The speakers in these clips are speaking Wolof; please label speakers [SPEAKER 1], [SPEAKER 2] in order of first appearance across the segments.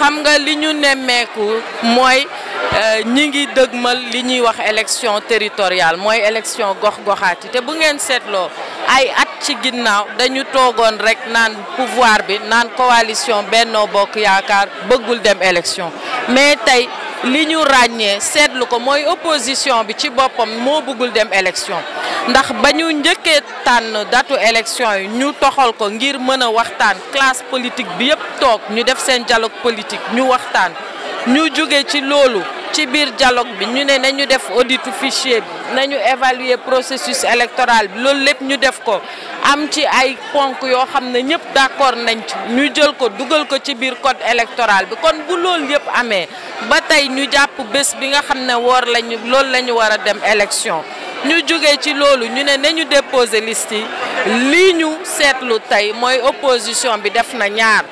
[SPEAKER 1] xam nga li ñu nemmeeku mooy euh, ñi ngi dëgmal li ñuy wax élection teritorial mooy élection gox-goxaat te bu ngeen seetloo ay at ci ginnaaw dañu toogoon rekk naan pouvoir bi naan coalition Benno Bokk Yaakaar bëggul dem élection mais tey li ñu ràññee seetlu ko mooy opposition bi ci boppam moo bëggul dem élection ndax ba ñu njëkkee tànn datu élection yi ñu toxal ko ngir mën a waxtaan classe politique bi yëpp toog ñu def seen dialogue politique ñu waxtaan ñu jóge ci loolu ci biir dialogue bi ñu ne nañu def auditu fichier bi nañu évaluer processus électoral bi loolu lépp ñu def ko am ci ay ponk yoo xam ne ñëpp d'accord nañ ci ñu jël ko dugal ko ci biir code électoral bi kon bu loolu yëpp amee ba tey ñu jàpp bés bi nga xam ne woor lañu loolu la ñu war a dem élection ñu jóge ci loolu ñu ne nañu déposé liste yi li ñu seetlu tey mooy opposition bi def na ñaar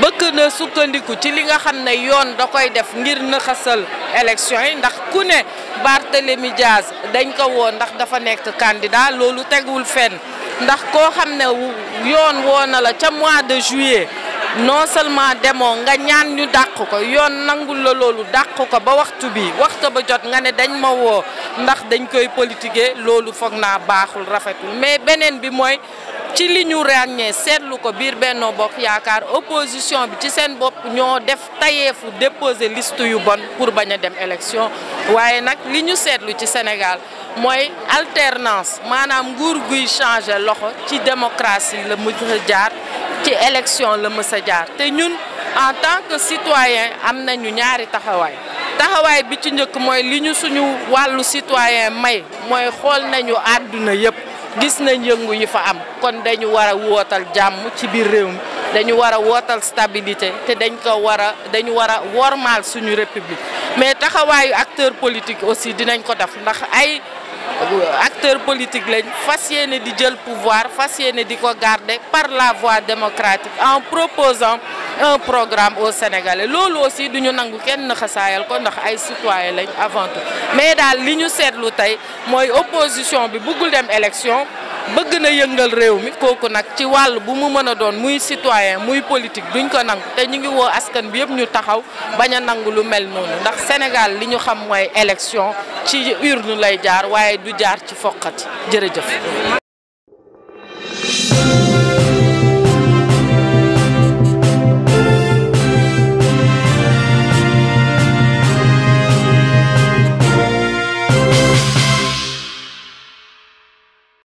[SPEAKER 1] bëgg na sukkandiku ci li nga xam ne yoon da koy def ngir nëxasal élection yi ndax ku ne Barthélémy Dias dañ ko woo ndax dafa nekk candidat loolu tegul fenn ndax koo xam ne yoon woo na la ca mois de juillet non seulement demoo nga ñaan ñu dàq ko yoon nangul la loolu dàq ko ba waxtu bi waxtu ba jot nga ne dañ ma woo ndax dañ koy politiquer loolu foog naa baaxul rafetul mais beneen bi mooy ci li ñu ràññee seetlu ko biir Benno Bokk Yaakaar opposition bi ci seen bopp ñoo def tayeefu déposer liste yu bon pour bañ a dem élection waaye nag li ñu seetlu ci Sénégal mooy alternance maanaam nguur guy changer loxo ci démocratie la mujj jaar ci élection la mës a jaar te ñun en tant que citoyen am nañu ñaari taxawaay taxawaay bi ci njëkk mooy li ñu suñu wàllu citoyen may mooy xool nañu àdduna yëpp gis nañ yëngu yi fa am kon dañu war a wootal jàmm ci biir réew mi dañu war a wootal stabilité te dañ ko war a dañu war a wormaal suñu république mais taxawaayu acteur politique aussi dinañ ko def ndax ay acteur politique lañ fas yéene di jël pouvoir fas yéene di ko garder par la voie démocratique en proposant un programme au Sénégalais loolu aussi du ñu nangu kenn naxasaayal ko ndax ay citoyen lañ avant tout mais daal li ñu seetlu tey mooy opposition bi bëggul dem élection bëgg na yëngal réew mi kooku nag ci wàll bu mu mën a doon muy citoyen muy politique duñ ko nangu te ñu ngi woo askan bi yëpp ñu taxaw bañ a nangu lu mel noonu ndax Sénégal li ñu xam mooy élection ci urne lay jaar waaye du jaar ci foqati jërëjëf.